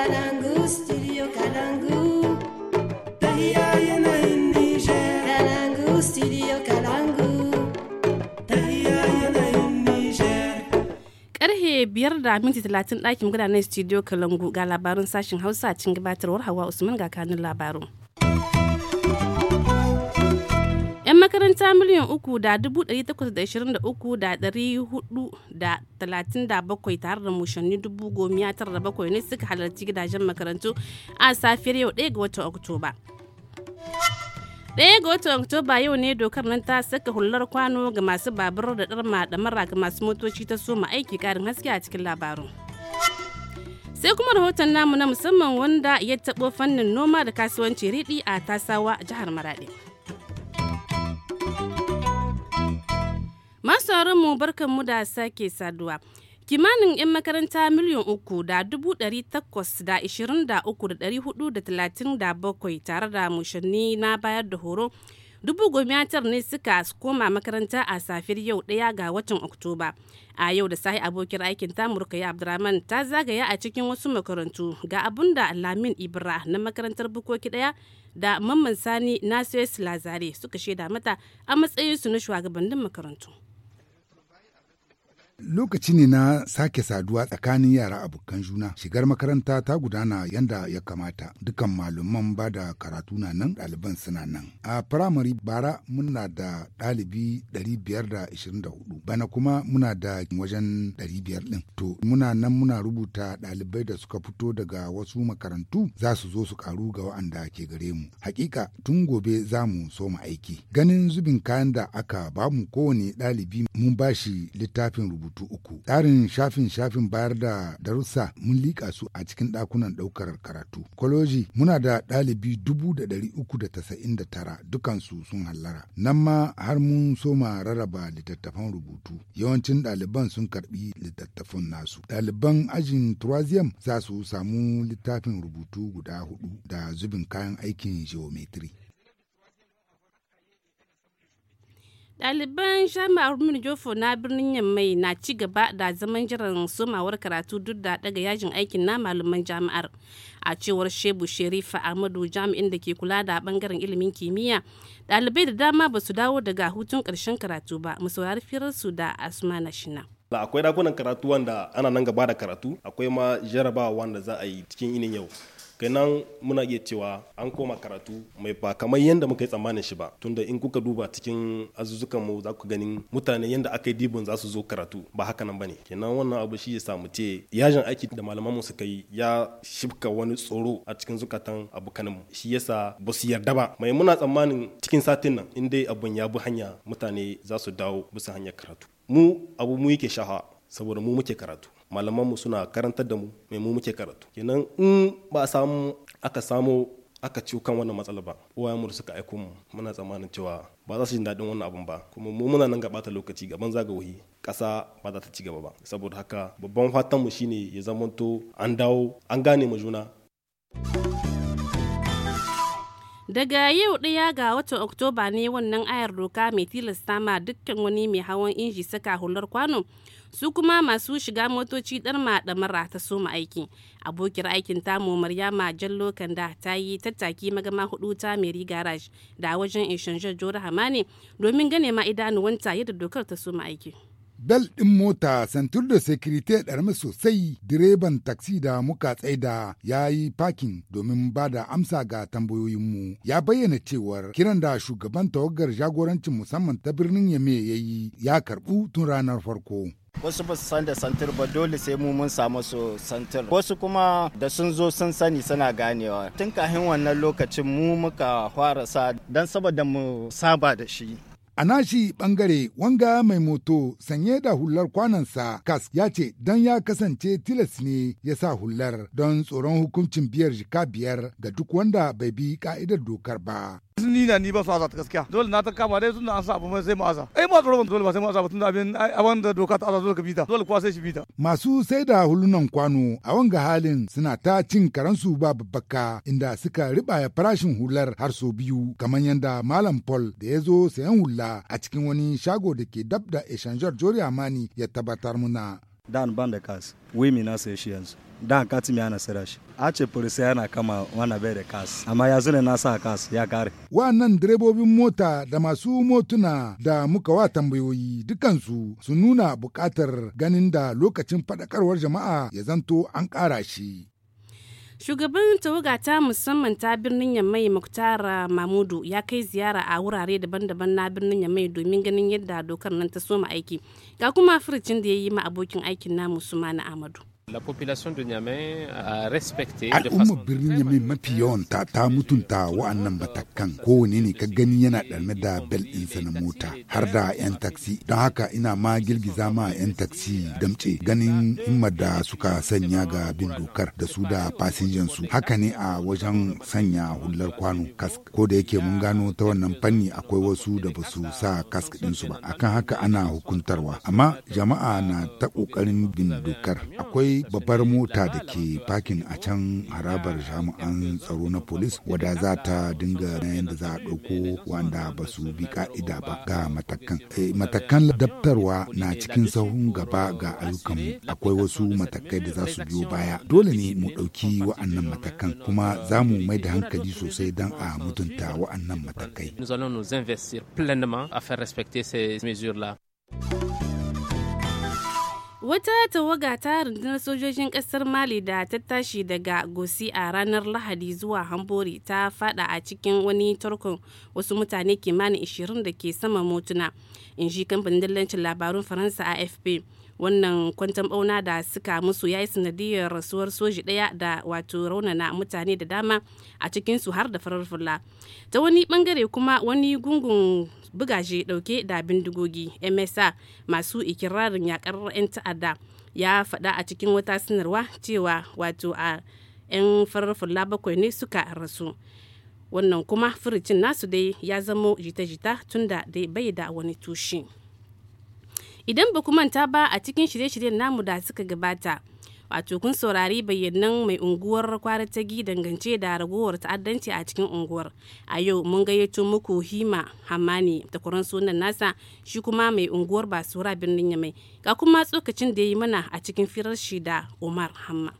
Kalangu, studio studio Karhe biyar da minti talatin ɗakin gudanar studio Kalangu ga labarun sashen Hausa cikin gabatarwar Hawa Usman ga kanun labarun. makaranta miliyan uku da dubu ɗari takwas da ishirin da uku da ɗari hudu da talatin da bakwai tare da mushanni dubu tara da bakwai ne suka halarci gidajen makarantu a safiyar yau ɗaya ga watan oktoba ɗaya ga watan oktoba yau ne dokar nan ta saka hular kwano ga masu babur da ɗarma da mara ga masu motoci ta soma aiki ƙarin haske a cikin labarin sai kuma rahoton namu na musamman wanda ya taɓo fannin noma da kasuwanci riɗi a tasawa jihar maraɗi. Masu mu barkanmu da sake saduwa. kimanin 'yan makaranta miliyan uku da dubu dari takwas da ishirin da uku da dari hudu da talatin da bakwai tare da mushanni na bayar da horo dubu goma ne suka koma makaranta a safiyar yau daya ga watan oktoba a yau da sahi abokin aikin ta murkayi abdurrahman ta zagaya a cikin wasu makarantu ga abun da lamin ibra na makarantar bukoki daya da mamman sani nasiru lazare suka shaida mata a matsayinsu na shugabannin makarantu. Lokaci ne na sake saduwa tsakanin yara abokan juna. Shigar makaranta ta gudana yanda ya kamata. Dukan malaman ba da karatu na nan ɗaliban suna nan. A firamare bara muna da ɗalibi 524 bana kuma muna da wajen 500 ɗin. To muna nan muna rubuta ɗalibai da suka fito daga wasu makarantu za su zo su karu ga wa'anda ke gare mu. Hakika tun gobe za mu so mu aiki. Ganin zubin kayan da aka bamu kowane ɗalibi mun bashi littafin rubutu rubutu uku. Tsarin shafin shafin bayar da darussa mun liƙa su a cikin ɗakunan ɗaukar karatu. Koloji muna da ɗalibi dubu da ɗari uku da tasa'in da tara dukansu sun hallara. Nan ma har mun soma rarraba littattafan rubutu. Yawancin ɗaliban sun karɓi littattafan nasu. Ɗaliban ajin Turaziyam za su samu littafin rubutu guda huɗu da zubin kayan aikin geometry. Ɗaliban jami'ar Mun Jofo na birnin Yammai na ci gaba da zaman jiran somawar karatu duk da daga yajin aikin na malaman jami'ar. A cewar Shebu Sherifa Ahmadu jami'in da ke kula da bangaren ilimin kimiyya, ɗalibai da dama ba su dawo daga hutun karshen karatu ba, mu saurari su da Asma Shina. la akwai dakunan karatu wanda ana nan gaba da karatu akwai ma jarabawa wanda za a yi cikin inin yau kenan muna iya cewa an koma karatu mai ba kamar yadda muka yi tsammanin shi ba tunda in kuka duba cikin azuzukan mu za ku ganin mutane yadda aka yi dibin za su zo karatu ba haka nan ne. kenan wannan abu shi ya samu ce yajin aiki da malaman mu suka yi ya shifka wani tsoro a cikin zukatan abokanin mu shi yasa ba su yarda ba mai muna tsammanin cikin satin nan in dai abun ya bi hanya mutane za su dawo bisa hanyar karatu mu abu mu yake shaha saboda mu muke karatu mu suna karantar da mu mai mu muke karatu kenan in ba samu aka samu aka ciwo kan wannan matsala ba uwayenmu da suka aiko mu muna tsammanin cewa ba za su jin daɗin wannan abin ba kuma mu muna nan gabata lokaci gaban zagawohi ƙasa ba za ta ci gaba ba saboda haka babban fatanmu shine ya zamanto an dawo an gane mu juna Daga yau ɗaya ga watan Oktoba ne wannan ayar doka mai tilasta ma dukkan wani mai hawan inji saka hular kwano su kuma masu shiga motoci dar ɗamara ta soma aiki abokiyar aikin tamu maryama jallo kanda ta yi tattaki magama hudu ta meri garage da wajen ishanjar jora hamane domin gane ma idanuwanta yadda dokar ta soma aiki bel ɗin mota santur da sekirite ɗarmi sosai direban taksi da muka tsaida ya yi parking domin ba da amsa ga tambayoyinmu ya bayyana cewar kiran da shugaban tawagar jagorancin musamman ta birnin yame ya yi ya karɓu tun ranar farko wasu ba su san da santir ba dole sai mu mun samu su santir wasu kuma da sun zo sun sani suna ganewa tun kahin wannan lokacin mu muka fara sa don saboda mu saba da shi A nashi bangare wanga mai moto sanye da hular kwanansa kas ya ce don ya kasance tilas ne ya sa hular don tsoron hukuncin biyar jika biyar ga duk wanda bai bi ka'idar dokar ba. ni na ni ba su azata gaskiya dole na ta kama dai tunda an sa abu mai sai mu aza ai ma tsoro dole ba sai mu aza ba tunda abin abin da doka ta aza dole ka bita dole kuwa sai shi bita masu sai da hulunan kwano a wanga halin suna ta cin karansu ba babbaka inda suka ribaya farashin hular har so biyu kamar yadda malam Paul da ya zo sayan hula a cikin wani shago da ke dab da Echangeor Jori Amani ya tabbatar muna. dan ban da kas wimi na sai shi yanzu dan kati mi ana sira shi a ce polisi yana kama wani bai da kas amma yanzu ne na sa kas ya kare wannan direbobin mota da masu motuna da muka wa tambayoyi dukansu su nuna bukatar ganin da lokacin fadakarwar jama'a ya zanto an ƙara shi shugaban tawaga ta musamman ta birnin yamai muktara ah, mamudu ya kai ziyara a wurare daban-daban na birnin yamai domin ganin yadda dokar nan ta soma aiki ga kuma furucin da ya yi ma abokin aikin namu sumana amadu Al'ummar birnin Yamai mafi yawan ta ta mutunta wa'annan batakan kowane ne ka gani yana ɗarme da bel ɗinsa na mota har da 'yan taksi. Don haka ina ma girgiza ma 'yan taksi damce ganin himmar da suka sanya ga bin dokar da su da fasinjan su. Haka ne a wajen sanya hular kwano kask. Ko da yake mun gano ta wannan fanni akwai wasu da ba su sa kask ɗinsu ba. Akan haka ana hukuntarwa. Amma jama'a na ta ƙoƙarin bin dokar. Akwai babbar mota da ke pakin a can harabar jami'an tsaro na polis wadda za ta dinga da za a ɗauko wanda ba su bi ka'ida ba ga matakan e, matakan daftarwa na cikin sahun gaba ga ayyukanmu akwai wasu matakai da za su biyo baya dole ne mu ɗauki wa'annan matakan kuma za mu mai da hankali sosai don a mutunta wa'annan matakai Wata tawaga ta rundunar sojojin kasar Mali da ta tashi daga Gosi a ranar Lahadi zuwa Hambori ta fada a cikin wani tarkon wasu mutane kimanin 20 da ke sama motuna, in ji kamfanin dillancin labarun Faransa AFP. Wannan kwantan bauna da suka musu ya yi sanadiyar rasuwar soji daya da wato raunana mutane da dama a cikinsu har da farar fula. Ta wani bangare kuma wani gungun bugaje dauke da bindigogi msa masu ikirarin yakar 'yan ta'adda ya faɗa a cikin wata sanarwa cewa wato a 'yan farar fulla bakwai ne suka rasu wannan kuma furucin nasu dai ya zamo jita-jita tunda dai bai da wani tushe idan ba manta ba a cikin shirye-shiryen namu da suka gabata wato kun saurari bayyanan mai unguwar kwaratagi dangance da ragowar ta'addanci a cikin unguwar a yau mun gayyato muku hima hamani takwaran sunan nasa shi kuma mai unguwar basura birnin yamai ga kuma tsokacin da ya yi mana a cikin firar shi da umar hamma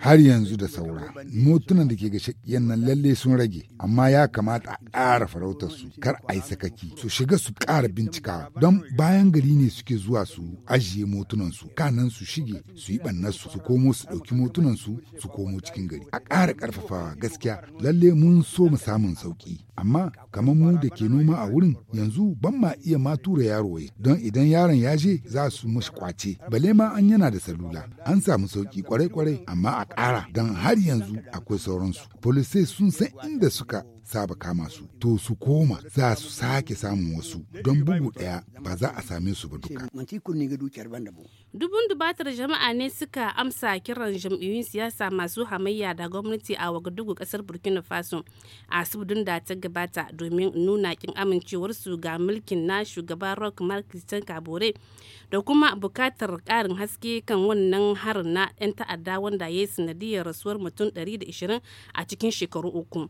har yanzu da saura motunan da ke ga nan lalle sun rage amma ya kamata a ƙara farautar su kar a yi sakaki su shiga su ƙara bincika don bayan gari ne suke zuwa su ajiye motunansu, su kanan su shige su yi ɓannarsu, su komo su ɗauki motunan su su komo cikin gari a ƙara ƙarfafawa gaskiya lalle mun so mu samun sauki amma kamar mu da ke noma a wurin yanzu ban ma iya ma tura yaro don idan yaron ya je za su mashi kwace bale ma an yana da salula an samu sauki aiki kwarai-kwarai amma a ƙara don har yanzu akwai sauransu. Polisai sun san inda suka saba kama su to su koma za su sake samun wasu don bugu daya ba za a same su ba duka. Dubun dubatar jama'a ne suka amsa kiran jam'iyyun siyasa masu hamayya da gwamnati a Wagadugu kasar Burkina Faso a asibidin da ta gabata domin nuna kin su ga mulkin na shugaba Rock Mark Kabore da kuma bukatar karin haske kan wannan harin na 'yan ta'adda wanda ya yi sanadiyar rasuwar mutum 120 a cikin shekaru uku.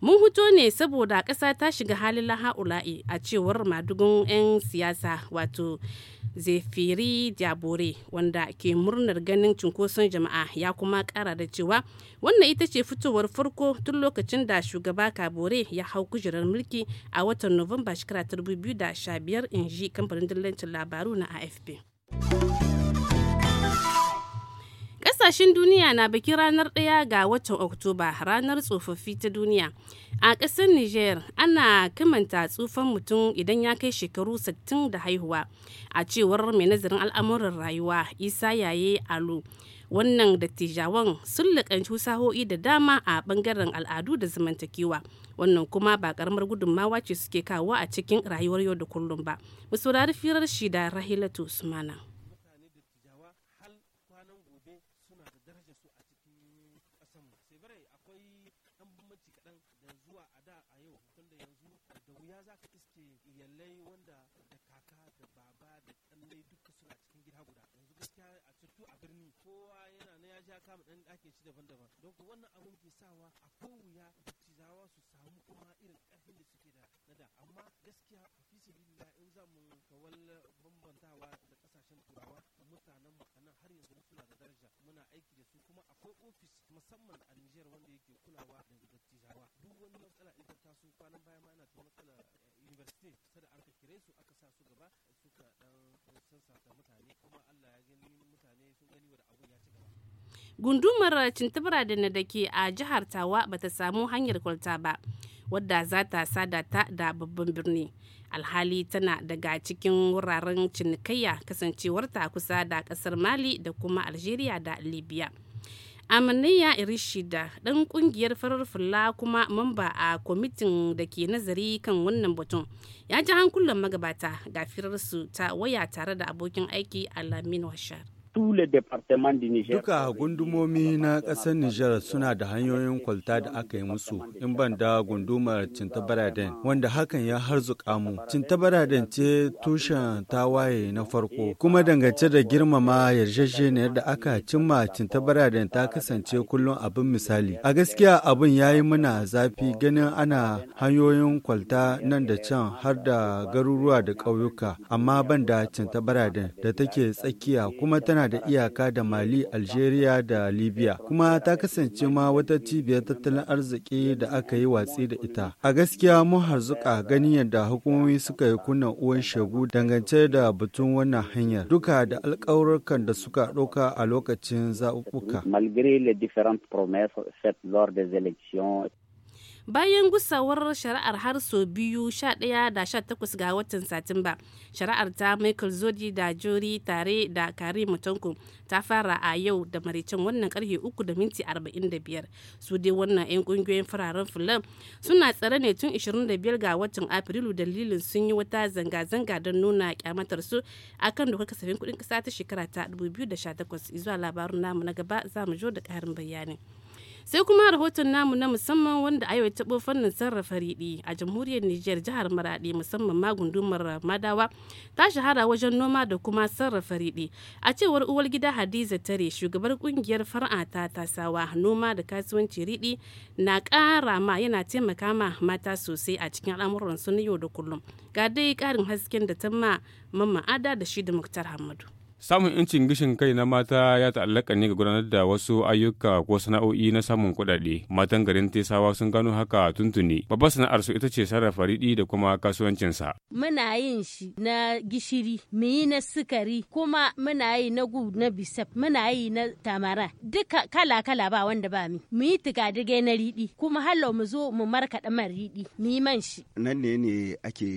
mun huto ne saboda ƙasa ta shiga halin laha'ula'i a cewar madugun 'yan siyasa wato zefiri jabore wanda ke murnar ganin cunkoson jama'a ya kuma kara da cewa wannan ita ce fitowar farko tun lokacin da shugaba kabore ya hau kujerar mulki a watan nuwamba shekara 2015 in ji kamfanin dillancin labaru na afp Kasashen duniya na bikin ranar ɗaya ga watan Oktoba ranar tsofaffi ta duniya. A ƙasar Niger ana kamanta tsufan mutum idan ya kai shekaru 60 da haihuwa. A cewar mai nazarin al'amuran rayuwa Isa Yaye Alu. Wannan dattijawan sun laƙanci saho'i da dama a ɓangaren al'adu da zamantakewa. Wannan kuma ba ƙaramar gudunmawa ce suke kawo a cikin rayuwar yau da kullum ba. Mu saurari firar shi da Rahilatu Usmana. daban-daban don wannan abin ke sawa akwai wuya dattijawa su samu kuma irin karfin da suke da na da amma gaskiya fi sabilillah in za mu kawal bambantawa da kasashen turawa mutanen mu anan har yanzu suna da daraja muna aiki da su kuma akwai ofis musamman a Nijar wanda yake kulawa da dattijawa duk wani matsala in ta taso kwanan baya ma ana ta matsala eh, university sada aka kire su aka sa su gaba suka dan sansata mutane kuma Allah ya gani mutane sun gani wa da abun ya ci gaba gundumar cintabara da na dake a jihar tawa bata samu hanyar kwalta ba wadda za ta sadata da babban birni alhali tana daga cikin wuraren cinikayya kasancewarta kusa da kasar mali da kuma algeria da libya amaniya irishida dan kungiyar farar fulla kuma mamba a kwamitin da ke nazari kan wannan batun ya ji hankulan magabata ga firarsu ta waya tare da abokin aiki alamin washar Duka gundumomi na ƙasar Nijar suna da hanyoyin kwalta da aka yi musu in ban da gundumar Cintabaraden wanda hakan ya harzuka mu. Cintabaraden ce tushen tawaye na farko kuma dangance da girmama yarjejeniyar da aka cimma Cintabaraden ta kasance kullum abin misali. A gaskiya abin ya yi mana zafi ganin ana hanyoyin kwalta nan da can har da garuruwa da ƙauyuka amma ban da Cintabaraden da take tsakiya kuma tana tana da iyaka da Mali, Algeria da Libya, kuma ta kasance ma wata cibiyar tattalin arziki da aka yi watsi da ita. A gaskiya mun harzuka ganin yadda hukumomi suka yi kunna uwan shagu dangance da batun wannan hanyar duka da alkawurkan da suka ɗauka a lokacin zaɓuɓɓuka. bayan gusawar shari'ar har sau biyu sha daya da sha takwas ga watan satumba shari'ar ta michael zodi da jori tare da kare mutanku ta fara a yau da maricin wannan karfe uku da minti biyar su dai wannan 'yan kungiyoyin fararen fulan suna tsare ne tun 25 ga watan afrilu dalilin sun yi wata zanga-zanga don nuna kyamatar su akan doka kasafin kudin kasa ta shekara ta 2018 zuwa labarun namu na gaba za mu zo da karin bayani. sai kuma rahoton namu na musamman wanda a ayo taɓo fannin sarrafa riɗi a jamhuriyar nijar jihar maraɗi musamman ma gundumar madawa ta shahara wajen noma da kuma sarrafa riɗi a cewar uwar gida hadiza tare shugabar kungiyar far'a ta tasawa noma da kasuwanci riɗi na ƙara ma yana taimaka ma mata sosai a cikin al'amuran su na yau da kullum ga dai ƙarin hasken da ta ma mamma ada da shi da muktar hamadu Samun incin gishin kai na mata ya ta'allaka ne ga gudanar da wasu ayyuka ko sana'o'i na samun kuɗaɗe. Matan garin Tesawa sun gano haka tuntuni. Babbar sana'ar su ita ce sarrafa riɗi da kuma kasuwancinsa. Muna yin shi na gishiri, mu yi na sukari, kuma muna yi na gu na bisaf, muna yi na tamara. Duka kala-kala ba wanda ba mi. Mu yi digadigai na riɗi, kuma hallo mu zo mu markaɗa man riɗi, mu yi man shi. Nan ne ne ake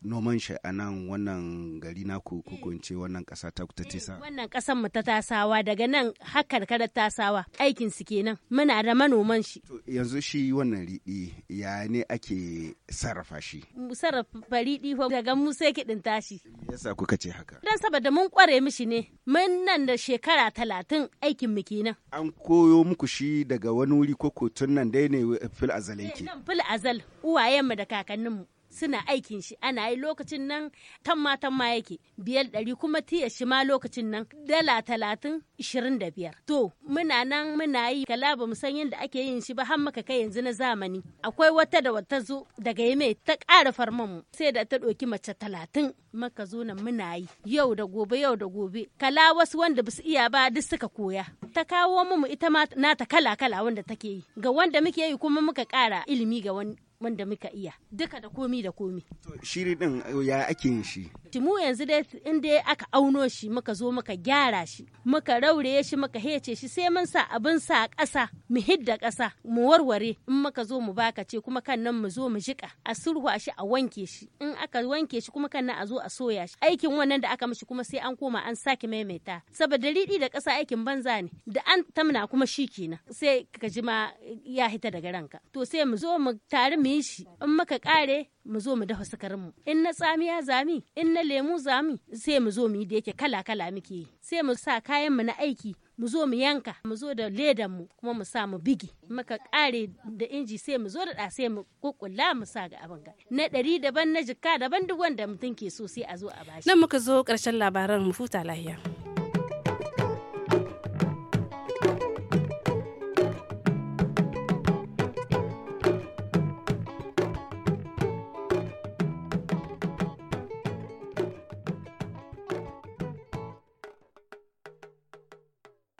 noman shi a nan wannan gari naku ko wannan ƙasa ta tisa. Wannan ƙasar mu ta tasawa daga nan hakan kada tasawa aikin su kenan muna da manoman shi. Yanzu shi wannan riɗi ya ne ake sarrafa shi? Sarrafa riɗi ko daga mu sai kiɗin tashi. Me yasa kuka ce haka? Dan saboda mun kware mishi ne mun nan da shekara talatin aikin mu kenan. An koyo muku shi daga wani wuri ko tun nan dai ne fil azal yake. Fil azal uwayenmu da kakanninmu. suna aikin shi ana yi lokacin nan tamma tamma yake biyar ɗari kuma tiya shi ma lokacin nan dala talatin ishirin da biyar. To muna nan muna yi kala ba mu san yadda ake yin shi ba har maka kai yanzu na zamani. Akwai wata da wata zo daga yame ta ƙara farman mu sai da ta ɗauki mace talatin maka zo nan muna yi yau da gobe yau da gobe kala wasu wanda basu iya ba duk suka koya. Ta kawo mu ita ma nata kala kala wanda take yi ga wanda muke yi kuma muka ƙara ilimi ga wani wanda muka iya duka da komi da komi shiri ɗin ya ake yin shi mu yanzu dai in dai aka auno shi muka zo muka gyara shi muka rauraye shi muka hece shi sai mun sa abin sa ƙasa mu hidda ƙasa mu warware in muka zo mu baka ce kuma kan nan mu zo mu jiƙa a surwa shi a wanke shi in aka wanke shi kuma kan nan a zo a soya shi aikin wannan da aka mishi kuma sai an koma an sake maimaita saboda riɗi da ƙasa aikin banza ne da an tamna kuma shi kenan sai ka ji ma ya hita daga ranka to sai mu zo mu tare mu yi shi in muka kare. mu zo mu dafa sukarinmu in na tsamiya zami in na lemu zami sai mu zo mu yi da yake kala kala muke yi sai mu sa kayan mu na aiki mu zo mu yanka mu zo da ledan mu kuma mu sa mu bigi muka kare da inji sai mu zo da da sai mu kukkulla mu sa ga abin ga na ɗari daban na jikka daban duk wanda mutum ke so sai a zo a bashi nan muka zo karshen labaran mu futa lahiya